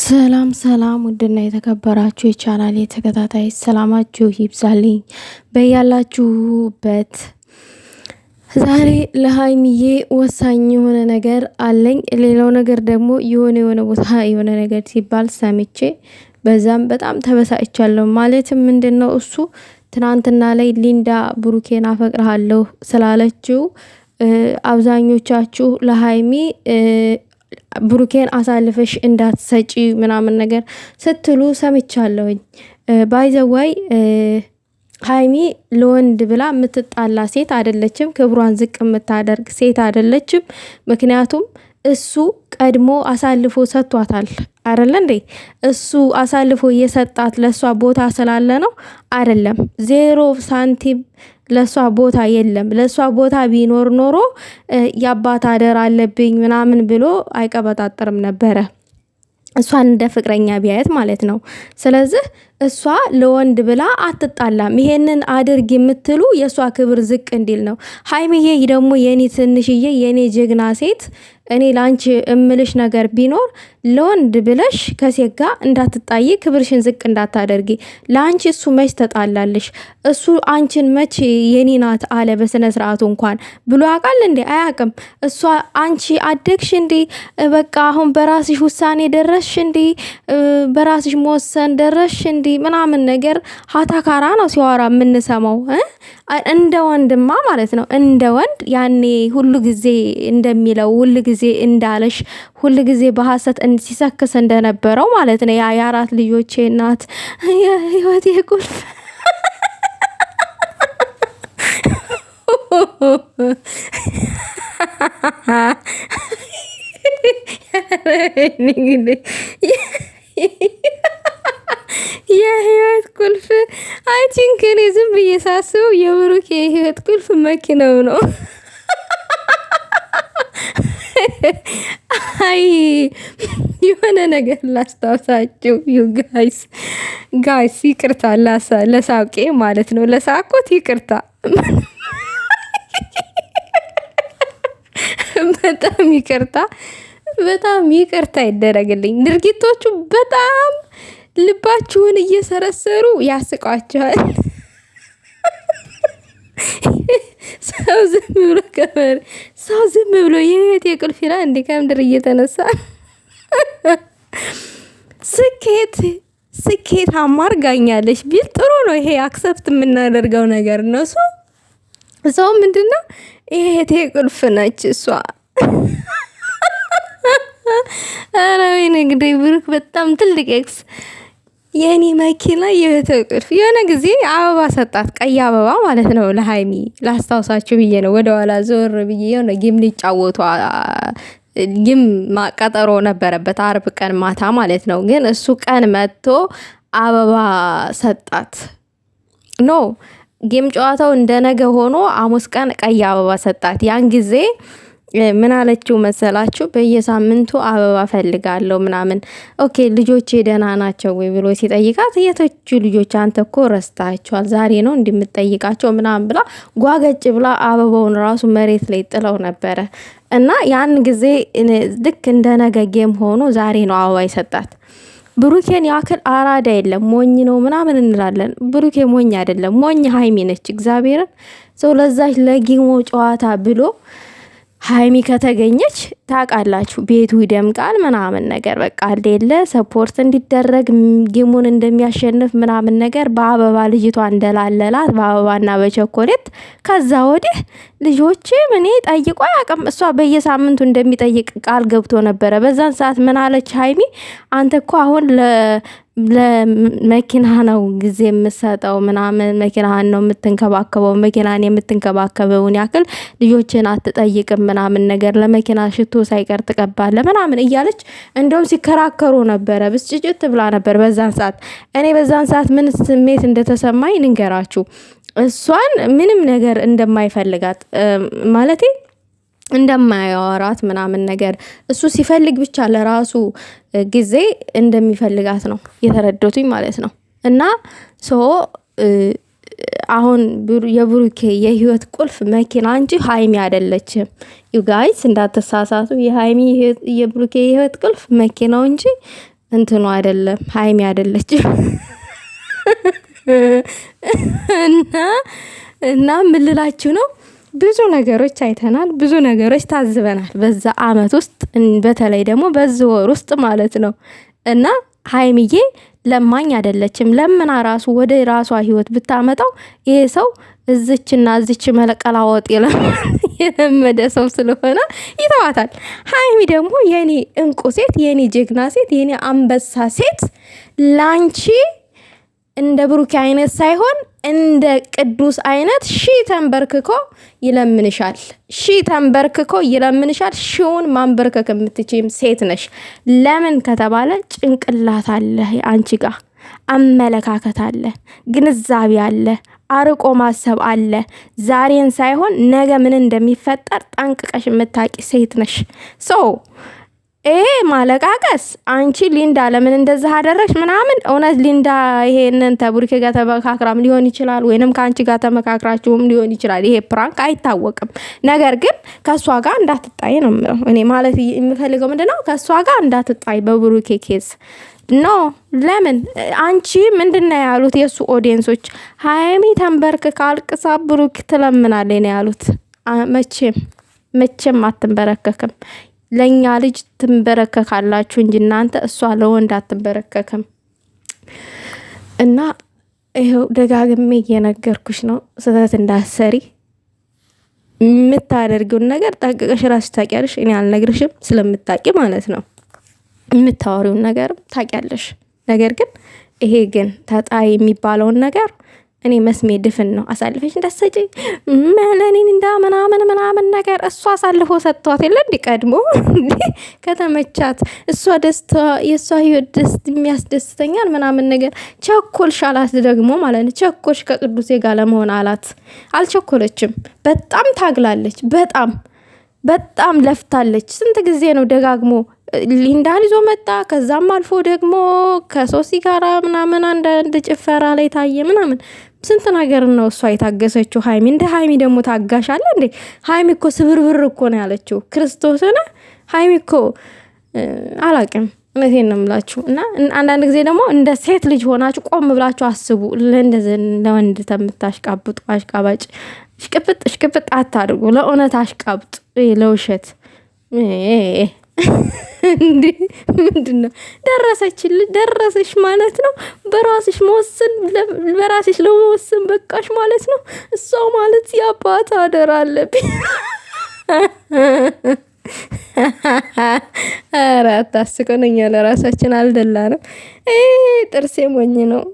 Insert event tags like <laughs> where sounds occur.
ሰላም ሰላም ውድና የተከበራችሁ የቻናል የተከታታይ ሰላማችሁ ይብዛልኝ በያላችሁበት። ዛሬ ለሀይሚዬ ወሳኝ የሆነ ነገር አለኝ። ሌላው ነገር ደግሞ የሆነ የሆነ ቦታ የሆነ ነገር ሲባል ሰምቼ በዛም በጣም ተበሳጭቻለሁ። ማለትም ምንድን ነው እሱ ትናንትና ላይ ሊንዳ ብሩኬን አፈቅርሃለሁ ስላለችው አብዛኞቻችሁ ለሀይሚ ብሩኬን አሳልፈሽ እንዳትሰጪ ምናምን ነገር ስትሉ ሰምቻለሁኝ። ባይዘዋይ ሀይሚ ለወንድ ብላ የምትጣላ ሴት አደለችም። ክብሯን ዝቅ የምታደርግ ሴት አደለችም። ምክንያቱም እሱ ቀድሞ አሳልፎ ሰጥቷታል አይደለ እንዴ? እሱ አሳልፎ እየሰጣት ለእሷ ቦታ ስላለ ነው አይደለም? ዜሮ ሳንቲም ለእሷ ቦታ የለም። ለእሷ ቦታ ቢኖር ኖሮ የአባት አደር አለብኝ ምናምን ብሎ አይቀበጣጠርም ነበረ። እሷን እንደ ፍቅረኛ ቢያየት ማለት ነው። ስለዚህ እሷ ለወንድ ብላ አትጣላም። ይሄንን አድርግ የምትሉ የእሷ ክብር ዝቅ እንዲል ነው። ሀይምዬ ደግሞ የኔ ትንሽዬ የኔ ጀግና ሴት እኔ ለአንቺ እምልሽ ነገር ቢኖር ለወንድ ብለሽ ከሴት ጋር እንዳትጣይ፣ ክብርሽን ዝቅ እንዳታደርጊ። ለአንቺ እሱ መች ተጣላልሽ? እሱ አንቺን መች የኔ ናት አለ በስነ ስርዓቱ እንኳን ብሎ ያውቃል እንዴ? አያውቅም። እሷ አንቺ አደግሽ እንዴ? በቃ አሁን በራስሽ ውሳኔ ደረስሽ እንዴ? በራስሽ መወሰን ደረስሽ እንዴ? ምናምን ነገር ሀታካራ ነው ሲዋራ የምንሰማው። እንደ ወንድማ ማለት ነው እንደ ወንድ ያኔ ሁሉ ጊዜ እንደሚለው ሁሉ ጊዜ ጊዜ እንዳለሽ ሁል ጊዜ በሀሰት ሲሰክስ እንደነበረው ማለት ነው። ያ የአራት ልጆቼ እናት የህይወቴ ቁልፍ የህይወት ቁልፍ አይቺን ከኔ ዝም ብዬ ሳስበው የብሩክ የህይወት ቁልፍ መኪናው ነው። አይ የሆነ ነገር ላስታውሳችሁ ጋይስ ጋይስ፣ ይቅርታ ለሳቄ ማለት ነው። ለሳቆት ይቅርታ በጣም ይቅርታ በጣም ይቅርታ ይደረግልኝ። ድርጊቶቹ በጣም ልባችሁን እየሰረሰሩ ያስቋችኋል። ሰው ዝም ብሎ ከበር ሰው ዝም ብሎ የህይወት የቁልፊራ እንዲ ከምድር እየተነሳ ስኬት ስኬት አድርጋኛለች ቢል ጥሩ ነው። ይሄ አክሰፕት የምናደርገው ነገር ነው። ሰው ሰው ምንድን ይሄቴ ቁልፍ ነች እሷ። አረ ወይኔ እንግዲህ ብሩክ በጣም ትልቅ ኤክስ የእኔ መኪና የቤተ የሆነ ጊዜ አበባ ሰጣት፣ ቀይ አበባ ማለት ነው። ለሀይሚ ላስታውሳችሁ ብዬ ነው ወደኋላ ዞር ብዬ የሆነ ጌም ሊጫወቱ ጌም ቀጠሮ ነበረበት አርብ ቀን ማታ ማለት ነው። ግን እሱ ቀን መጥቶ አበባ ሰጣት። ኖ ጌም ጨዋታው እንደነገ ሆኖ ሐሙስ ቀን ቀይ አበባ ሰጣት። ያን ጊዜ ምን አለችው መሰላችሁ? በየሳምንቱ አበባ ፈልጋለሁ ምናምን። ኦኬ ልጆቼ ደህና ናቸው ወይ ብሎ ሲጠይቃት የተቹ ልጆች አንተ እኮ ረስታቸዋል፣ ዛሬ ነው እንደምጠይቃቸው ምናምን ብላ ጓገጭ ብላ አበባውን ራሱ መሬት ላይ ጥለው ነበረ። እና ያን ጊዜ ልክ እንደ ነገ ጌም ሆኖ ዛሬ ነው አበባ ይሰጣት። ብሩኬን ያክል አራዳ የለም። ሞኝ ነው ምናምን እንላለን። ብሩኬ ሞኝ አይደለም። ሞኝ ሀይሚ ነች። እግዚአብሔርን ሰው ለዛች ለጊሞ ጨዋታ ብሎ ሀይሚ ከተገኘች ታውቃላችሁ ቤቱ ይደምቃል ምናምን ነገር በቃ ሌለ ሰፖርት እንዲደረግ ጌሙን እንደሚያሸንፍ ምናምን ነገር በአበባ ልጅቷ እንደላለላት በአበባና በቸኮሌት ከዛ ወዲህ ልጆቼ እኔ ጠይቆ አያውቅም። እሷ በየሳምንቱ እንደሚጠይቅ ቃል ገብቶ ነበረ። በዛን ሰዓት ምን አለች ሀይሚ? አንተ እኮ አሁን ለመኪና ነው ጊዜ የምሰጠው ምናምን፣ መኪናህን ነው የምትንከባከበው፣ መኪናን የምትንከባከበውን ያክል ልጆችን አትጠይቅም ምናምን ነገር ለመኪና ሽቶ ሳይቀር ትቀባለ ምናምን እያለች እንደውም ሲከራከሩ ነበረ። ብስጭጭት ብላ ነበር በዛን ሰዓት። እኔ በዛን ሰዓት ምን ስሜት እንደተሰማኝ ንንገራችሁ። እሷን ምንም ነገር እንደማይፈልጋት ማለቴ እንደማያወራት ምናምን ነገር እሱ ሲፈልግ ብቻ ለራሱ ጊዜ እንደሚፈልጋት ነው የተረዶቱኝ ማለት ነው። እና ሶ አሁን የብሩኬ የህይወት ቁልፍ መኪና እንጂ ሀይሚ አይደለችም። ዩጋይስ እንዳተሳሳቱ የሀይሚ የብሩኬ የህይወት ቁልፍ መኪናው እንጂ እንትኑ አይደለም፣ ሀይሚ አይደለችም። <laughs> እና ምልላችሁ ነው ብዙ ነገሮች አይተናል፣ ብዙ ነገሮች ታዝበናል በዛ አመት ውስጥ በተለይ ደግሞ በዚ ወር ውስጥ ማለት ነው እና ሀይሚዬ ለማኝ አይደለችም። ለምና ራሱ ወደ ራሷ ህይወት ብታመጣው ይሄ ሰው እዝችና እዝች መለቀላወጥ <laughs> የለመደ ሰው ስለሆነ ይተዋታል። ሀይሚ ደግሞ የኔ እንቁ ሴት፣ የኔ ጀግና ሴት፣ የኔ አንበሳ ሴት ላንቺ እንደ ብሩኬ አይነት ሳይሆን እንደ ቅዱስ አይነት ሺ ተንበርክኮ ይለምንሻል። ሺ ተንበርክኮ ይለምንሻል። ሺውን ማንበርከክ የምትችም ሴት ነሽ። ለምን ከተባለ ጭንቅላት አለ፣ አንቺ ጋ አመለካከት አለ፣ ግንዛቤ አለ፣ አርቆ ማሰብ አለ። ዛሬን ሳይሆን ነገ ምን እንደሚፈጠር ጠንቅቀሽ የምታቂ ሴት ነሽ ሶ ይሄ ማለቃቀስ አንቺ ሊንዳ ለምን እንደዚህ አደረግሽ ምናምን። እውነት ሊንዳ ይሄንን ተቡሪኬ ጋር ተመካክራም ሊሆን ይችላል፣ ወይንም ከአንቺ ጋር ተመካክራችሁም ሊሆን ይችላል። ይሄ ፕራንክ አይታወቅም። ነገር ግን ከእሷ ጋር እንዳትጣይ ነው የምለው እኔ። ማለት የምፈልገው ምንድነው ከእሷ ጋር እንዳትጣይ በቡሪኬ ኬዝ ኖ ለምን አንቺ ምንድነው ያሉት የእሱ ኦዲየንሶች? ሀይሚ ተንበርክካ አልቅሳ ብሩክ ትለምናለች ነው ያሉት። መቼም መቼም አትንበረከክም። ለእኛ ልጅ ትንበረከካላችሁ እንጂ እናንተ እሷ ለወንድ አትንበረከክም። እና ይኸው ደጋግሜ እየነገርኩሽ ነው፣ ስህተት እንዳሰሪ የምታደርጊውን ነገር ጠቅቀሽ ራስሽ ታውቂያለሽ። እኔ አልነግርሽም ስለምታውቂ ማለት ነው። የምታወሪውን ነገርም ታውቂያለሽ። ነገር ግን ይሄ ግን ተጣይ የሚባለውን ነገር እኔ መስሜ ድፍን ነው። አሳልፈሽ እንዳሰጪ መለኔን እንዳ ምናምን ምናምን ነገር እሱ አሳልፎ ሰጥቷት የለ እንዲ ቀድሞ ከተመቻት እሷ ደስታ የእሷ ህይወት ደስ የሚያስደስተኛል ምናምን ነገር ቸኮልሽ አላት። ደግሞ ማለት ነው ቸኮልሽ ከቅዱሴ ጋር ለመሆን አላት። አልቸኮለችም። በጣም ታግላለች። በጣም በጣም ለፍታለች። ስንት ጊዜ ነው ደጋግሞ ሊንዳን ይዞ መጣ። ከዛም አልፎ ደግሞ ከሶሲ ጋራ ምናምን አንዳንድ ጭፈራ ላይ ታየ ምናምን ስንት ነገር ነው እሷ የታገሰችው ሀይሚ። እንደ ሀይሚ ደግሞ ታጋሽ አለ እንዴ? ሀይሚ እኮ ስብርብር እኮ ነው ያለችው። ክርስቶስን ሀይሚ እኮ አላቅም። እውነቴን ነው የምላችሁ። እና አንዳንድ ጊዜ ደግሞ እንደ ሴት ልጅ ሆናችሁ ቆም ብላችሁ አስቡ። ለወንድ ተምታሽቃብጡ አሽቃባጭ እሽቅብጥ እሽቅብጥ አታድርጉ። ለእውነት አሽቃብጡ፣ ለውሸት እንዴ ምንድን ነው ደረሰችልሽ? ደረሰሽ ማለት ነው። በራስሽ መወሰን በራስሽ ለመወሰን በቃሽ ማለት ነው። እሷ ማለት የአባት አደራ አለብኝ። ኧረ አታስቀን። እኛ ለራሳችን አልደላንም። ጥርሴ ሞኝ ነው።